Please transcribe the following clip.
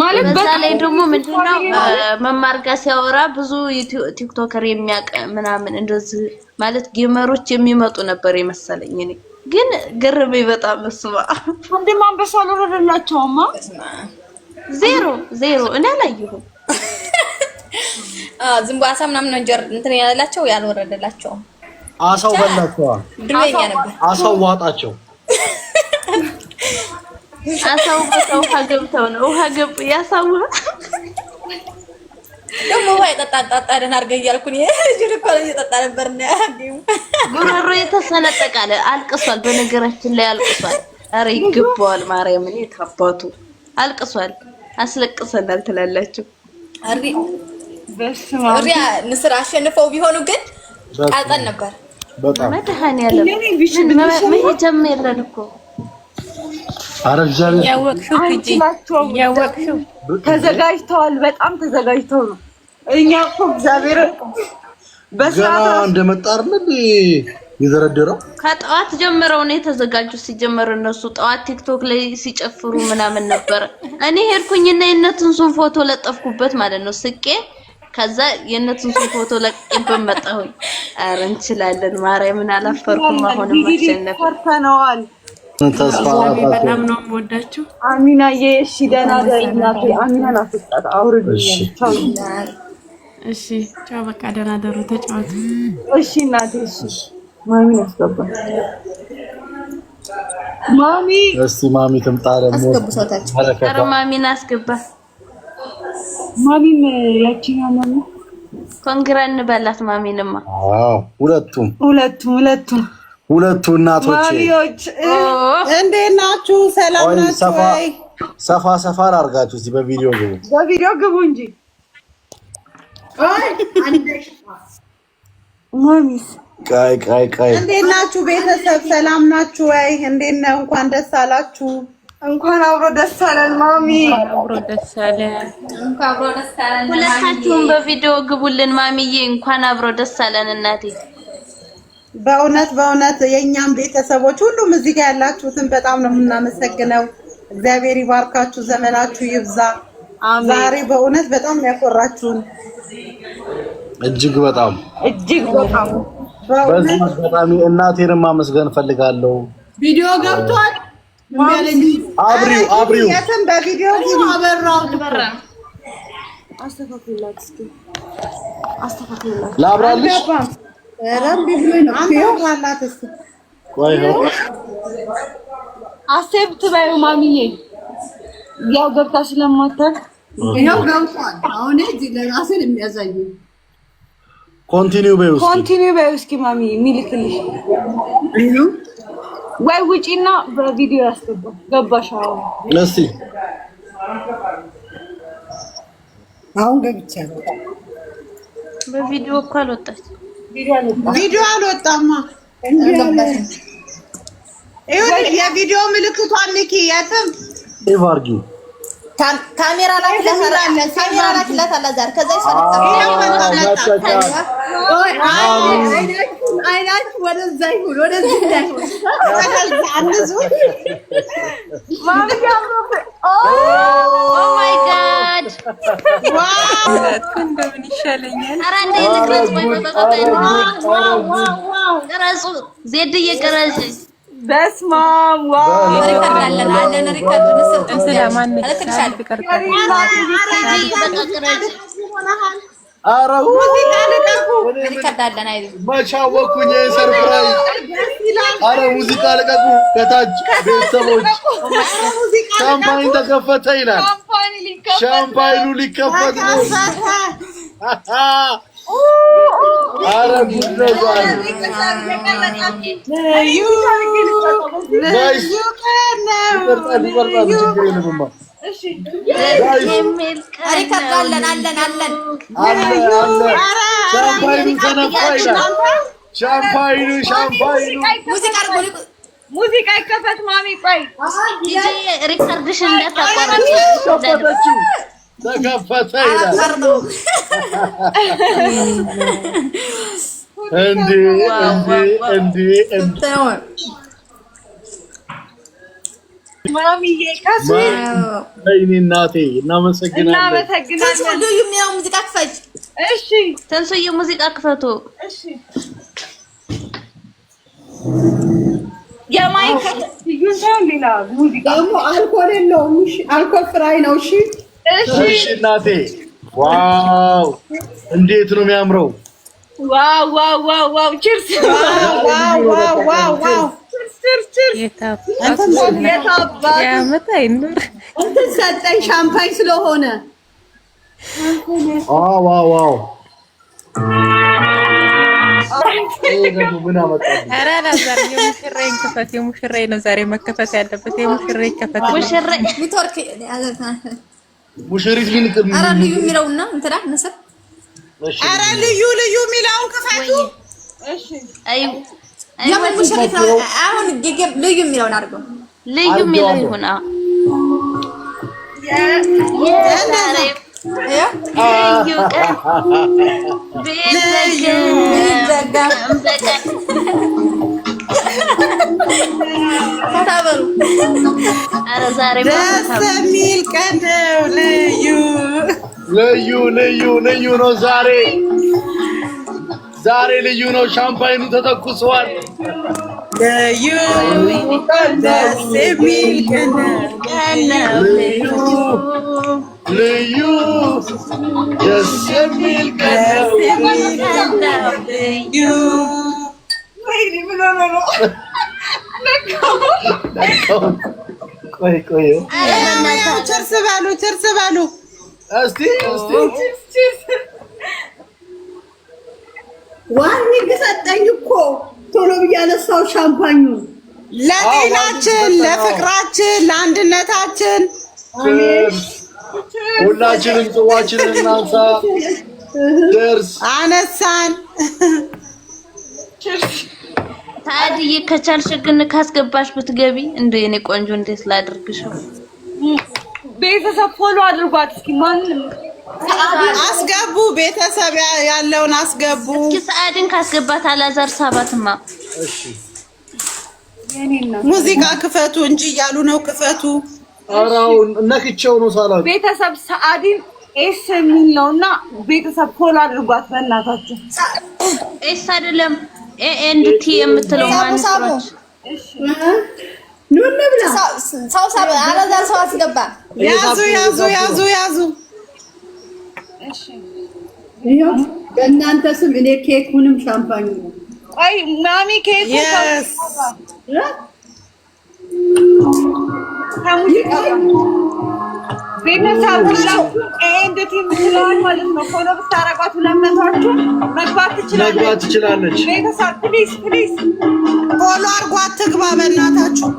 ማለት በዛ ላይ ደግሞ ምንድነው መማር ጋር ሲያወራ ብዙ ቲክቶከር የሚያውቅ ምናምን እንደዚህ ማለት ጌመሮች የሚመጡ ነበር የመሰለኝ። እኔ ግን ግርሜ በጣም መስባ ወንድም አንበሳ አልወረደላቸውማ። ዜሮ ዜሮ እኔ አላየሁም። ዝም ብሎ አሳ ምናምን ነው እንጂ እንትን ያላቸው ያልወረደላቸውም። አሳው በላቸዋ፣ አሳው ዋጣቸው አሳው በሰው ውሃ ገብተው ነው ውሃ ገብ ያሳው ደግሞ ውሃ የጠጣጣጣ ደን አድርገህ እያልኩ ጅርኳል እየጠጣ ነበር። ና ጉሮሮ የተሰነጠቃለ አልቅሷል። በነገራችን ላይ አልቅሷል። አረ ይገባዋል። ማርያምን የታባቱ አልቅሷል። አስለቅሰናል ትላላችሁ። ሪያ ንስር አሸንፈው ቢሆኑ ግን ቃልጠን ነበር። መድሃን መድኃኔዓለም መሄጃም የለን እኮ ያወቅሽው ተዘጋጅተዋል። በጣም ተዘጋጅተው ነው። እኛ እኮ እግዚአብሔር በስርዓት እንደመጣ አይደል የዘረደረው። ከጠዋት ጀምረው ነው የተዘጋጁ። ሲጀመር እነሱ ጠዋት ቲክቶክ ላይ ሲጨፍሩ ምናምን ነበረ። እኔ ሄድኩኝና የእነትንሱን ፎቶ ለጠፍኩበት ማለት ነው ስቄ ከዛ የእነቱን ፎቶ ለቅቄበት መጣሁኝ። ኧረ እንችላለን። ማርያምን አላፈርኩም። አሁንም አሸነፍን። በጣም ነው የምወዳችሁ። አሚናዬ፣ እሺ ደህና እናቴ። አሚናን አስጣት አውርድ። እሺ ቻው፣ በቃ ደህና ደሩ፣ ተጫወቱ። እሺ እናቴ፣ እሺ ማሚን ያስገባል። ማሚ እስቲ ማሚ ትምጣ ደግሞ ኧረ ማሚን አስገባ። ማሚን ያቺን ማሚ ኮንግራ እንበላት። ማሚንማ ሁለቱም ሁለቱም ሁለቱም ሁለቱ እናቶች እንዴት ናችሁ? ሰላም ናችሁ? ሰፋ ሰፋ አድርጋችሁ እዚህ በቪዲዮ ግቡ፣ በቪዲዮ ግቡ እንጂ ቀይ ቀይ ቀይ። እንዴት ናችሁ ቤተሰብ? ሰላም ናችሁ ወይ? እንዴት ነው? እንኳን ደስ አላችሁ። እንኳን አብሮ ደስ አለን። ማሚ አብሮ ደስ አለን። ሁለታችሁም በቪዲዮ ግቡልን። ማሚዬ እንኳን አብሮ ደስ አለን እናቴ በእውነት በእውነት የእኛም ቤተሰቦች ሁሉም እዚህ ጋር ያላችሁትን በጣም ነው የምናመሰግነው። እግዚአብሔር ይባርካችሁ፣ ዘመናችሁ ይብዛ። ዛሬ በእውነት በጣም ያኮራችሁን እጅግ በጣም እጅግ በጣም በዚህ አጋጣሚ እናቴንም ማመስገን ፈልጋለሁ። ቪዲዮ ገብቷል። አብሪው አብሪው የትም በቪዲዮ አበራው ተበራ አስተካክሉላት፣ እስኪ አስተካክሉላት ላብራልሽ አሴብ ትበዩ ማሚዬ ያው ገብታ ስለማታውቅ ይኸው ገብቷል። አሁን እዚህ ለራስን የሚያሳይ ኮንቲኒው በዩ ኮንቲኒው በዩ እስኪ ማሚዬ የሚልክልሽ ወይ ውጪና በቪዲዮ ያስገባ ገባሽ? አሁን እስኪ አሁን ገብቻለሁ። በቪዲዮ እኮ አልወጣችም ቪዲዮ አልወጣማ። ይኸውልሽ የቪዲዮ ምልክቷን ልኪ። የትም ይባርጊ ካሜራ ላይ ለሰራለ ካሜራ ላይ ለሰላዛር ከዛ ይሰራ አይናችሁ ወደዛ ይሁን ወደዚህ እንዳይሆን አንዙ ማይ ጋድ እንደምን ይሻለኛል። ዜድዬ ቅረጽ። በስመ መቻወኩኝ ሰርፕራይዝ። አረ ሙዚቃ ልቀቁ። ከታች ቤተሰቦች ሻምፓኝ ተከፈተ ይላል። ሻምፓይኑ ሊከፈት ነው። አረ ጉድ ነው አለን አለን አለን ሻምፓይኑ ሻምፓይኑ ሙዚቃ አድርጎ ሙዚቃ ይከፈት። ማሚ ቆይ ሪከርድሽ እንዳታቋረጥ። ተከፈተ ይላል እንዴ እንዴ እንዴ ማሚዬ ካሱ እኔ እናቴ እናመሰግናለን፣ ሙዚቃ ክፈች። እሺ ተንሱዬ ሙዚቃ ክፈቱ። አልኮል የለውም። አልኮል ፍራይ ነው። እሺ እሺ እናቴ ዋው እንዴት ነው የሚያምረው! ዋው ዋው ዋው ዋው! ቺርስ! ዋው ዋው ዋው ዋው እንትን ሰጠኝ ሻምፓኝ ስለሆነ ኧረ አላዛር የሙሽራዬን ክፈት። የሙሽራዬ ነው ዛሬ መከፈት ያለበት። የሙሽራ ይከፈት። ሙሽሪት ግን ኧረ ልዩ የሚለውና እንትና ንስር ኧረ ልዩ ልዩ የሚለውን ክፈቱ። ለምን ሙሽሪት ነው? አሁን ልዩ የሚለውን አድርገው። ልዩ የሚለው ይሁን። ደስ የሚል ልዩ ልዩ ልዩ ልዩ ነው ዛሬ ዛሬ ልዩ ነው። ሻምፓይኑ ተተኩሷል። The you the semi kana kana le you the semi kana semi kana le you. Wait, no, no, no. ቆይ ቆይ ቸርስ በሉ ቸርስ በሉ እስቲ እስቲ ዋን ንግሰጠኝ እኮ ቶሎ ብዬ አነሳው ሻምፓኙን። ለጤናችን፣ ለፍቅራችን፣ ለአንድነታችን ሁላችንም ጽዋችንን እናንሳ። ደርስ አነሳን። ታዲ ከቻልሽ ግን ካስገባሽ ብትገቢ እንደ የኔ ቆንጆ እንዴት ላድርግሽው? ቤተሰብ ፎሎ አድርጓት እስኪ ማንም አስገቡ፣ ቤተሰብ ያለውን አስገቡ። እስኪ ሰዓድን ካስገባት አላዛር ሰባትማ ሙዚቃ ክፈቱ እንጂ እያሉ ነው። ክፈቱ። አራው ነክቼው ነው ሳላ ቤተሰብ ሰዓድን ኤስ የሚል ነው እና ቤተሰብ ኮል አድርጓት በእናታችሁ። ኤስ አይደለም ኤ ኤንድ ቲ የምትለው ማን ነው። ብላ ሰው ሰብ አላዛር ሰው አስገባ። ያዙ ያዙ ያዙ ያዙ በእናንተ ስም እኔ ኬኩንም ሻምፓኝ ቆይ ማሚ ኬኩ ቤተሰብ እንዴት ማለት ነው። ፎሎ ብታረጓት ለመቷችሁ መግባት ትችላለች። ፎሎ አርጓት ትግባ በእናታችሁ